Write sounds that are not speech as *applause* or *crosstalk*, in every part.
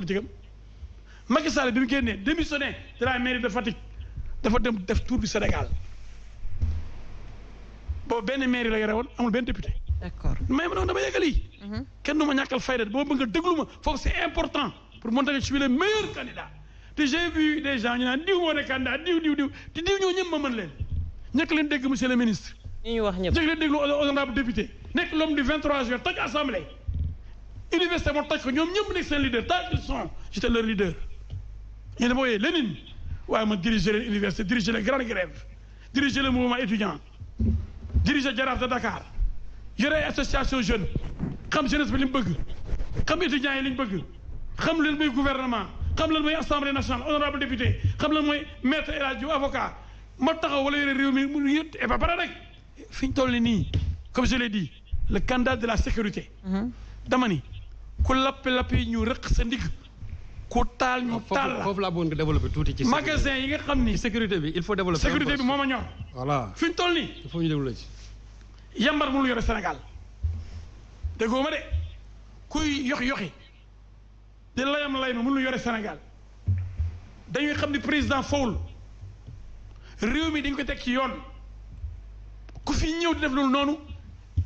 pour am Macky Sall bi mu génnee démissionné de la mairie de Fatick dafa dem def tour du Sénégal boobu benn mairie la yore woon amul benn député. d'accord mais man dama yeggali. Mhm. kenn du ma ñàkkal fayda boo bëgg nga déglu ma foofu c'est important pour montrer que je meilleur candidat te j'ai vu des gens diw moo ne candidat diw diw diw te diw ñoo ñëpp ma mën leen ñàkk leen dégg monsieur le ministre. ñu ñu wax ñëpp ñàkk député nekk l'homme du 23 juin toj université moo toj ko ñoom ñëpp le seen leader tant qu'ils sont j'étais leur leader ñu ma wooyee Lénine waaye man diriger leen université diriger leen grande grève diriger le mouvement étudiant diriger Jaraaf de Dakar yore association jeune xam jeunesse bi li mu bëgg xam étudiants yi li ñu bëgg xam leen mooy gouvernement xam leen mooy assemblée nationale honorable député xam leen mooy maître El Hadji avocat ma taxaw wala yore réew mi mu yëpp et ba pare rek fi ñu toll nii comme je le dit le candidat de la sécurité. Mm-hmm. dama ku lappi-lappi ñu rëq sa ndigg ku taal ñu ah, taal la foofu développé tuuti ci magasin yi nga xam ni sécurité bi il faut développer sécurité bi moo ma ñor fi ñu toll nii il faut ñu développé ci yambar mënul yore Sénégal déggoo ma de kuy yoxi yoxi di layam lay ma mënul yore Sénégal dañuy xam ni président fawul réew mi dañ ko teg ci yoon ku fi ñëw di def loolu noonu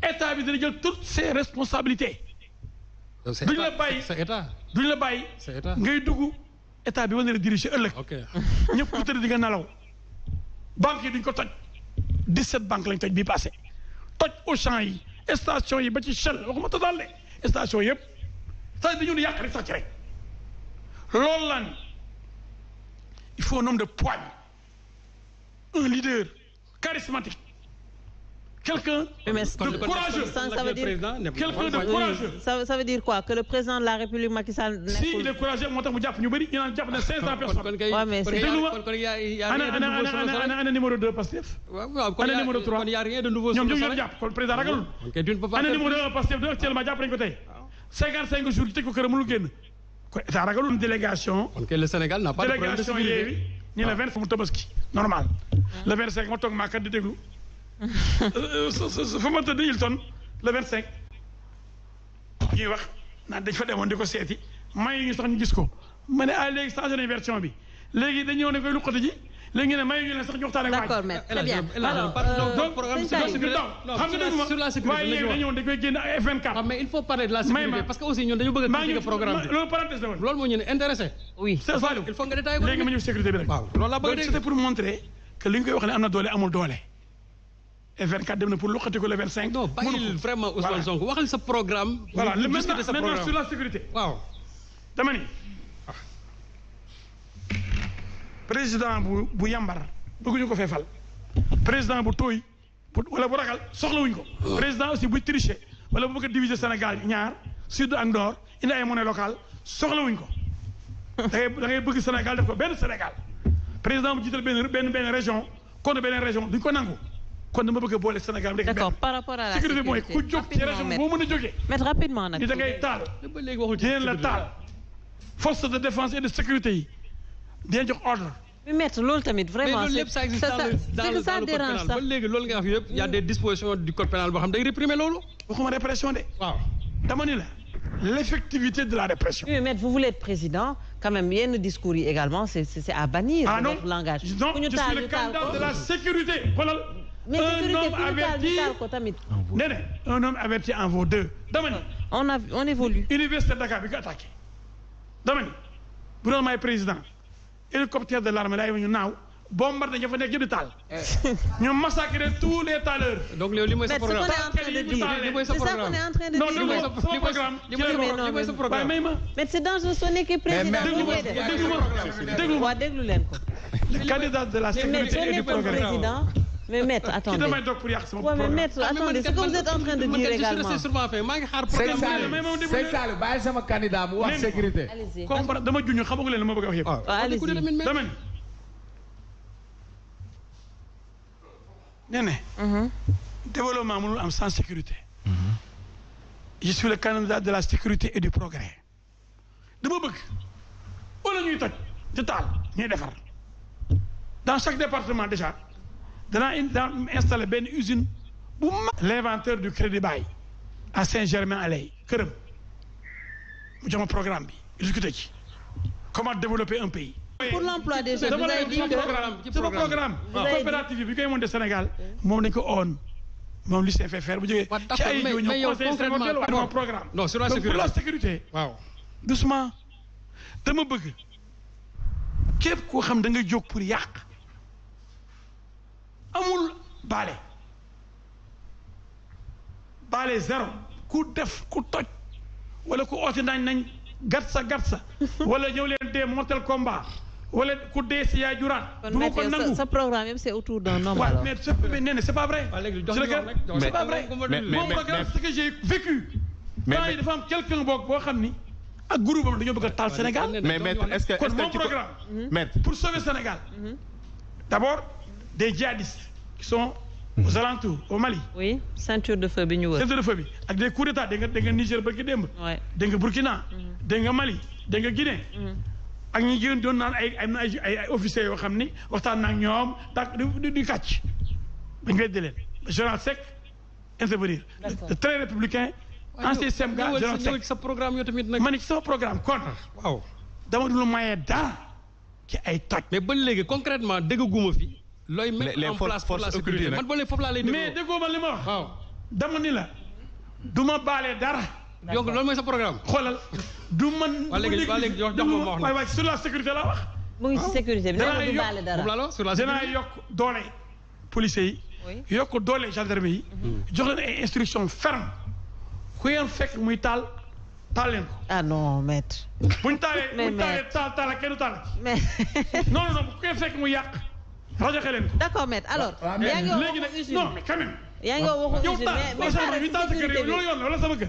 état bi dina jël toutes ses responsabilités duñ la bàyyi sa état duñ la bàyyi sa ngay dugg état bi wane la diriger ëllëg *laughs* ñëpp ku di nga nalaw banque yi duñ ko toj 17 banques lañ toj bii passé toj Auchan yi station yi ba ci Shell waxuma total de station yëpp sa dañu yàq rek sax ci rek loolu lan il faut un de poigne un leader charismatique quelqu'un de courageux. Ça veut dire quelqu'un de courageux. Ça veut dire quoi que le président de la République Macky Sall. si il est courageux moo tax mu jàpp ñu bëri ñu naan jàpp na 500 personnes. waaw mais c'est ana ana ana numéro 2 Pastef. ana numéro 3 ñoom ñu ngi jàpp kon président ragalul. ana numéro 2 Pastef de actuellement jàpp nañu ko tey. 55 jours yi tëj ko këram mënul génn. ko état ragalul délégation. kon le Sénégal n'a pas de problème de sécurité délégation Yewwi ñu ne 20 mu tabaski normal. le 25 ma toog maa kat di déglu Euh, fu ma tëdd Hilton le vingt cinq ñuy wax naan fa demoon di ko seeti mayu ñu sax ñu gis ko ma ne ah léegi changé nañ version bi léegi dañoo ne koy luqati ji léegi nag mayu ñu leen sax ñu waxtaan ak waaj d'accord mais très bien alors euh, donc programme sur la sécurité waaye il faut parler de la sécurité parce que aussi ñun dañu bëgg a critiquer programme bi loolu parenthèse la woon loolu intéressé oui c'est ça sécurité bi rek et 24 na pour loxati ko le 25. non bàyyil vraiment sa programme. voilà le maintenant sur la sécurité. waaw dama ni. président bu bu yambar bëgguñu ko feefal président bu tooy wala bu soxla wuñ ko. Ah. président aussi buy tricher wala bu bëgg a diviser Sénégal ñaar sud ak nord indi ay monnaie locale soxlawuñ ko. da ngay da ngay bëgg Sénégal def ko benn Sénégal président bu jiital benn benn benn région contre benn région duñ ko nangu. kon dama bëgg a boole Sénégal rek. d'accord par rapport à la sécurité mooy ku jóg ci région boo mën a jógee. mais rapidement nag. da ngay taal dinañ la taal force de défense et de sécurité yi dinañ jox ordre. mais maître loolu tamit vraiment c'est ça c'est que ça dérange ba léegi loolu nga wax yëpp y a des dispositions du code pénal boo xam day réprimer loolu. waxuma répression de. waaw dama ni la. l'effectivité de la répression. oui mais vous voulez être président quand même yenn discours yi également c'est c'est à bannir. ah non non je suis le candidat de la sécurité xoolal. mais un homme averti nee na un homme averti en vaut deux dama ni on a on évolue université Dakar bi ko attaqué dama ni bu doon may président hélicoptère de l'armée laay ñu naaw bombardé ña fa nekk yëpp di taal *laughs* ñu massacré tous les taaleurs. donc léegi li mooy sa programme li mooy sa programme non li mooy sa programme li mooy sa programme waaye may ma. mais c'est dangereux soo nekkee président déglu ma déglu ma déglu leen ko. candidat de la sécurité et du programme mais maître attendez ki damay toog pour yàq sama programme. Ah, ce que vous êtes en train de dire également. maa ngi xaar problème bàyyi sama candidat mu wax sécurité. comme dama juñu xamagu ma bëgg a wax yëpp. Ah. Ah, waaw dama ne. Mm-hmm. am sans sécurité. Mm-hmm. je suis le candidat de la sécurité et du progrès. dama bëgg wala ñuy toj di taal ñuy defar dans chaque département déjà. danaa in daa installé benn usine bu mag l'inventeur du crédit bail à Saint-Germain-en-Laye këram mu jox ma programme bi discuté ci comment développer un pays pour l'emploi des jeunes sama programme coopérative bi koy monté Sénégal moom dañ ko oon moom lycée FFR bu jógee ci ay ñoo ñëw conseil sama programme non sur la sécurité pour la sécurité waaw doucement dama bëgg képp koo xam da nga jóg pour yàq amul baale baale zéro ku def ku toj wala ku ooti nañ nañ gat sa gat sa *laughs* wala ñëw leen dee mortel combat wala ku dee si yaay juraat. du ma ko nangu sa programme yëpp c'est autour d'un homme alors. mais c'est c'est pas vrai. c'est pas vrai moom programme ce que j'ai vécu. xam ni. ak groupe am dañoo bëgg a taal Sénégal. mais maître est-ce que est-ce que kon moom programme. maître pour sauver Sénégal. Mhm. de djihadistes qui son aux alentours au Mali. oui ceinture de feu bi ñu wër. ceinture de feu bi ak des coups d'état da nga da nga Niger ba ki démb. waay da nga Burkina. Mm-hmm. da nga Mali da nga Guinée. Mm-hmm. ak ñi jigéen doon naan ay am ay ay officiers yoo xam ni waxtaan na ak ñoom tak di di kàcc. dañu ngay jëlee général Seck intervenir. le très républicain. ancien système gars général Seck sa programme yoo tamit nag. ma ne ci sama programme kon. Ah, waaw dama dul maye dara ci ay tàcc. mais ba léegi concrètement dégg guma fi. looy mettre en place pour la sécurité man boole foofu laa lay déggoo mais déggoo ma li ma wax. waaw dama ni la du ma baale dara. donc loolu mooy sa programme. xoolal du man. waa léegi waa léegi jox jox ma wax la waay sur la sécurité la wax. mu ngi ci sécurité bi nee du baale dara dinaa yokk dinaa yokk doole policiers yi. yokk doole gendarmerie yi. Mm-hmm. jox leen ay instructions fermes ku yéen fekk muy taal taal leen ko. ah non maître. buñ taalee buñ taalee taal taal ak kenn du taal. mais non non non ku yéen fekk muy yàq. rajo leen ko. d'accord maître alors. yaa ngi wax waxu usine non mais quand même. yow taal mais mais. loolu yoon la wala sama kër.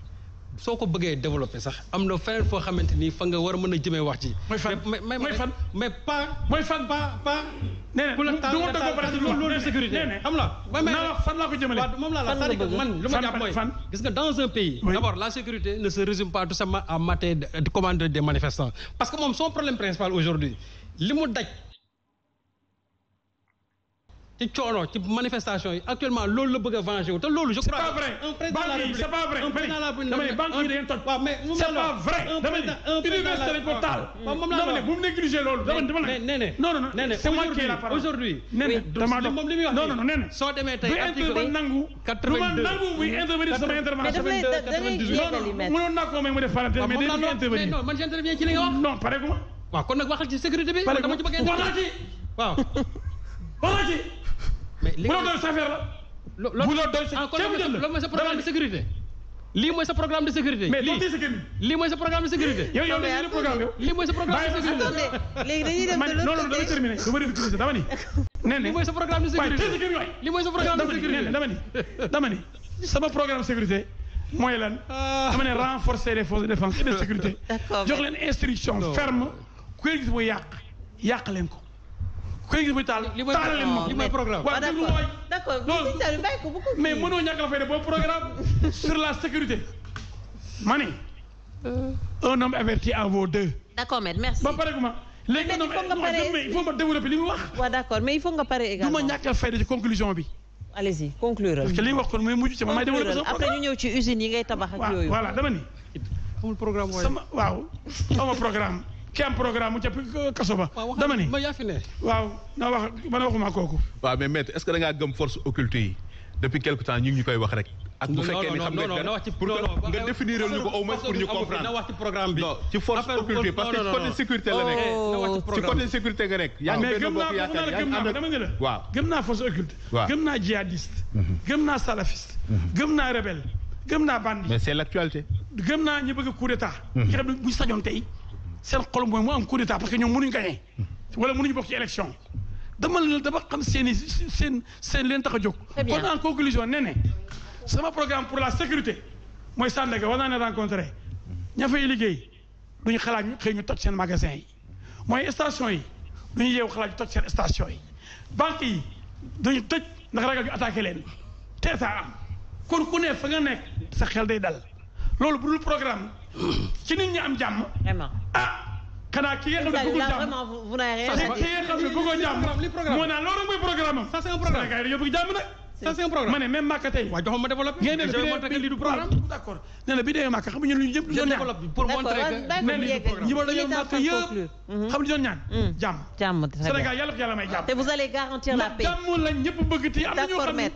soo ko bëggee développé sax am na feneen foo xamante ni fa nga war a mën a jëmee wax ji. mooy fan mooy fan mais pas. mooy fan pas pas. nee na du am la. naa la fan laa ko jëmale waaw moom laa la c'est-à-dire que man lu ma jàpp mooy gis nga dans un pays. d'abord la sécurité ne se résume pas tout simplement à mater de commander des manifestants parce que moom son problème principal aujourd'hui li mu daj. ci coono ci manifestation yi actuellement loolu la bëgg a venger wu te loolu. je c'est pas vrai banque c'est pas vrai un président la dama ne banque yi dañu toj. waaw mais c'est pas vrai dama ne université lañu ko taal. waaw moom laa ne bu mu négligé loolu. dama ne mais nee non non nee c'est moi qui ai la parole aujourd'hui nee na moom li muy wax non non nee na soo demee tey article bu nangu. 82 du ma nangu muy intervenir sama intervention. mais daf lay da ngay mënoon naa ko may mu def farante mais day ñu intervenir non man j'interviens ci li nga wax. non pare ko ma. waaw kon nag waxal ci mais bu la doy sa affaire la. bu la doy sa ceeb jël la loolu mooy sa programme de sécurité. lii mooy sa programme de sécurité. mais lii lii mooy sa programme de sécurité. yow yow dañuy programme yow. lii mooy sa programme de sécurité. léegi dañuy dem de loolu dama terminé dama def utilisé dama ni. nee lii mooy sa programme de sécurité lii mooy sa programme de sécurité dama ni dama ni sama programme sécurité. mooy lan ah. dama ne renforcer les forces de défense et de sécurité. jox leen instruction ferme ku gis mu yàq yàq leen ko. koy gis muy taal taal leen ma li mooy programme waaw déglu mooy d'accord mais mënoo ñàkk la fay de boobu programme *laughs* sur la sécurité ma ni euh. un homme averti en vaut deux d'accord maître merci ba pare ma léegi non mais il faut ma développer li muy wax waaw d'accord mais il faut nga pare également du ma ñàkk a fay de ci conclusion bi allez-y conclure parce que li wax kon muy mujj ci ma may développer sama après ñu ñëw ci usines yi ngay tabax ak yooyu voilà dama ni amul programme waaw sama programme ki am programme mu ca kaso ba. dama ma yaa waaw na wax man waxuma kooku. waaw mais maître est-ce que da ngaa gëm force occulte yi depuis quelque temps ñu ñu koy wax rek. ak bu fekkee ni xam nga gan ñu ko au moins pour ñu comprendre na wax programme bi. ci force occulte parce que ci sécurité la nekk. Oh, ci côté sécurité nga gëm naa force occulte. gëm naa djihadiste. Mhm. gëm naa salafiste. Mhm. gëm naa rebelle. gëm naa bandit. mais c'est l'actualité. gëm naa ñu bëgg coup d'état. Mhm. seen xol mooy mu am coup d'état parce que ñoom mënuñu gagné wala mënuñu bokk ci élection dama la dama xam seen i seen seen leen tax a jóg. kon en conclusion nee ne sama programme pour la sécurité mooy Sandaga war naa ne rencontré ña fay liggéey duñu xalaat ñu xëy ñu toj seen magasin mooy station yi duñu yeewu xalaat ñu toj seen station yi banque yi duñu tëj ndax ragal ñu attaqué leen te ça am kon ku ne fa nga nekk sa xel day dal loolu bu dul programme ci ñu ñi am jàmm. ah xanaa ki nga xam ne bëggul jàmm ki nga xam ne bëggoo jàmm moo naan loolu mooy programme am ça c'est un programme dañoo bëgg jàmm nag ça c'est un programme ma ne même Màkka tey. waaw joxoon ma développé. ngeen ne bi du programme d' accord nee na bi dee Màkka xam nga ñun lu ñu jëm. du développé pour montrer que nee nañu programme ñi ma doon Màkka yëpp. Mm-hmm. xam nga ñu ñaan. Mm-hmm. jàmm jàmm Sénégal yàlla ko yàlla may jàmm. te vous allez garantir la paix. jàmm la ñëpp bëgg ti am na ñoo xam ne.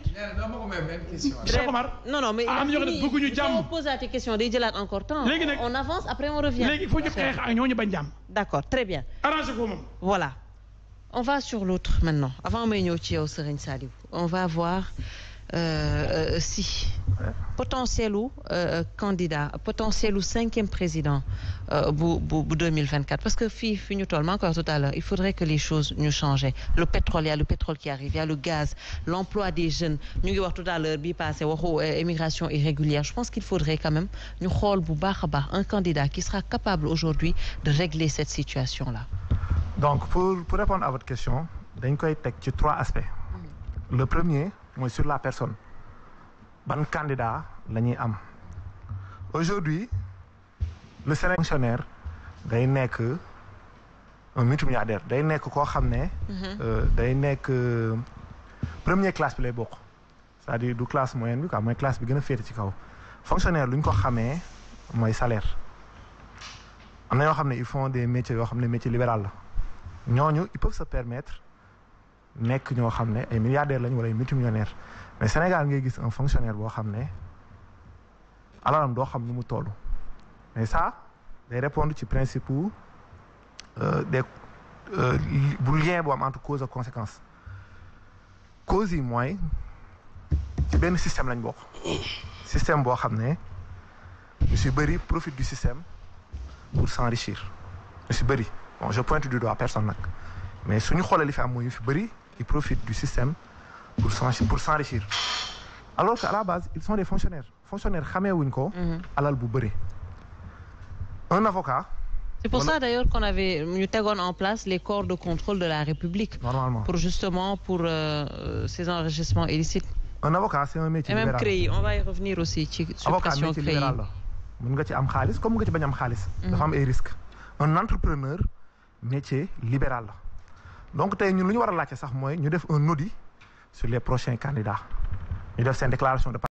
Cheikh Omar. non non mais ah, am na ñoo xam ne bëgguñu jàmm. posaati question day jëlaat encore temps. léegi nag on avance après on revient. léegi il faut ñu xeex ak ñooñu bañ jàmm. d' accord très bien. arrangé ko moom. voilà on va sur l'autre maintenant avant may ñëw ci yow Serigne Saliou on va voir euh, euh si potentiel u euh, candidat potentiel u cinquième président euh, bu bu bu 2024 que fii ñu toll ma encore tout à l'heure il faudrait que les choses ñu changent le pétrole il y a le ñu ngi wax tout bi passé waxu immigration irrégulière je pense qu'il faudrait même ñu xool bu baax a baax un candidat qui sera capable aujourd'hui de régler cette situation donc pour pour répondre à votre question dañ koy teg ci trois aspects mm-hmm. le premier mooy sur la personne ban candidat la ñuy am aujourd'hui le Sénégal fonctionnaire day nekk un multimilliardaire day nekk koo xam ne mm-hmm. euh, day nekk euh, première classe bi lay bokk c'est-à-dire du classe moyenne bi quoi mooy classe bi gën a ci kaw fonctionnaire lu ñu ko xamee mooy salaire am na yoo xam ne ils font des métiers yoo xam ne métier libéral la ñooñu ils peuvent se permettre nekk ñoo xam ne ay milliardaires lañu wala ay multimillionnaires mais Sénégal ngay gis un fonctionnaire boo xam ne alalam doo xam ni mu toll mais ça day répondre ci principe wu euh, euh, bu lien bu am entre cause ak conséquence cause yi mooy ci benn système lañ bokk système boo xam ne ñu si bëri profit du système pour s'enrichir ñu si bëri bon je pointe du doigt personne nag mais suñu xoolee li fi am mooy ñu fi bëri ils profitent du système pour pour s'enrichir alors que à la base ils sont des fonctionnaires fonctionnaires xamee wuñ ko. Mhm. alal bu bëri un avocat. C'est pour ça d'ailleurs qu'on avait ñu tegoon en place les corps de contrôle de la République. normalement pour justement pour euh, euh ces enrichissements illicites. un avocat c'est un métier libéral on va y revenir aussi ci. sur question CREI avocat métier ci am xaalis comme nga ci bañ am xaalis. Mhm. dafa am ay risques un entrepreneur. métier libéral la donc tey lu ñu war a laajte sax mooy ñu def un audit sur les prochains candidats ñu def seen déclaration de